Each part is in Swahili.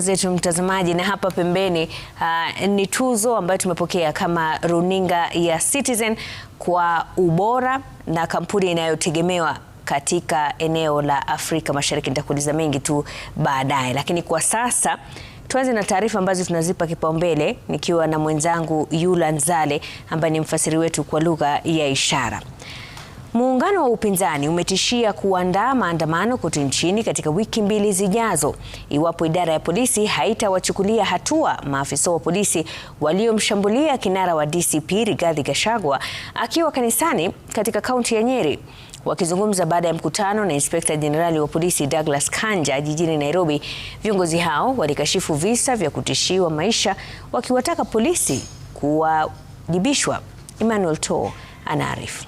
zetu mtazamaji, na hapa pembeni uh, ni tuzo ambayo tumepokea kama runinga ya Citizen kwa ubora na kampuni inayotegemewa katika eneo la Afrika Mashariki. Nitakuuliza mengi tu baadaye, lakini kwa sasa tuanze na taarifa ambazo tunazipa kipaumbele, nikiwa na mwenzangu Yula Nzale ambaye ni mfasiri wetu kwa lugha ya ishara. Muungano wa upinzani umetishia kuandaa maandamano kote nchini katika wiki mbili zijazo iwapo idara ya polisi haitawachukulia hatua maafisa wa polisi waliomshambulia kinara wa DCP Rigathi Gachagua akiwa kanisani katika kaunti ya Nyeri. Wakizungumza baada ya mkutano na Inspekta Jenerali wa polisi Douglas Kanja jijini Nairobi, viongozi hao walikashifu visa vya kutishiwa maisha wakiwataka polisi kuwajibishwa. Emmanuel To anaarifu.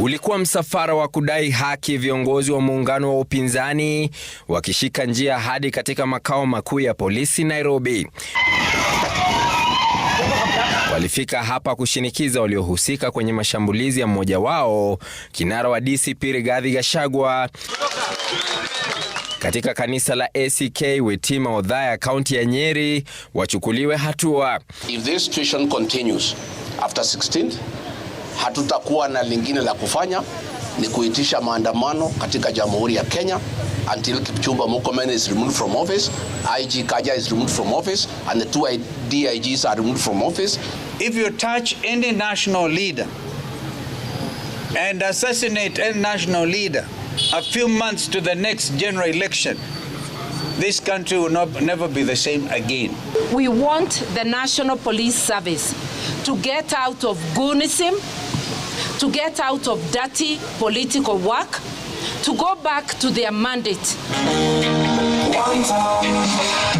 Ulikuwa msafara wa kudai haki, viongozi wa muungano wa upinzani wakishika njia hadi katika makao makuu ya polisi Nairobi. Walifika hapa kushinikiza waliohusika kwenye mashambulizi ya mmoja wao, kinara wa DCP Rigathi Gachagua katika kanisa la ACK Wetima Odhaya, kaunti ya Nyeri, wachukuliwe hatua. If this situation continues after 16 hatutakuwa na lingine la kufanya ni kuitisha maandamano katika Jamhuri ya Kenya until Kipchumba Murkomen is removed from office, IG Kaja is removed from office, and the two DIGs are removed from office. If you touch any national leader and assassinate any national leader a few months to the next general election, this country will not, never be the same again. We want the National Police Service to get out of goonism to get out of dirty political work, to go back to their mandate.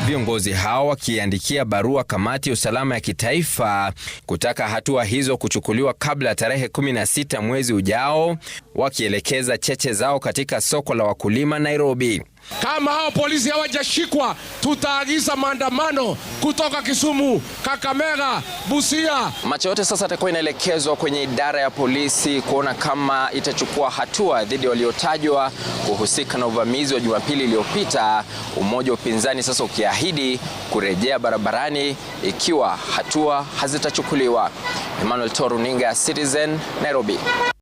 Viongozi hao wakiandikia barua kamati ya usalama ya kitaifa kutaka hatua hizo kuchukuliwa kabla ya tarehe 16 mwezi ujao, wakielekeza cheche zao katika soko la wakulima Nairobi. Kama hao polisi hawajashikwa, tutaagiza maandamano kutoka Kisumu, Kakamega, Busia. Macho yote sasa atakuwa inaelekezwa kwenye idara ya polisi kuona kama itachukua hatua dhidi ya waliotajwa kuhusika na uvamizi wa Jumapili iliyopita, umoja wa upinzani sasa ukiahidi kurejea barabarani ikiwa hatua hazitachukuliwa. Emmanuel Toruninga, Citizen, Nairobi.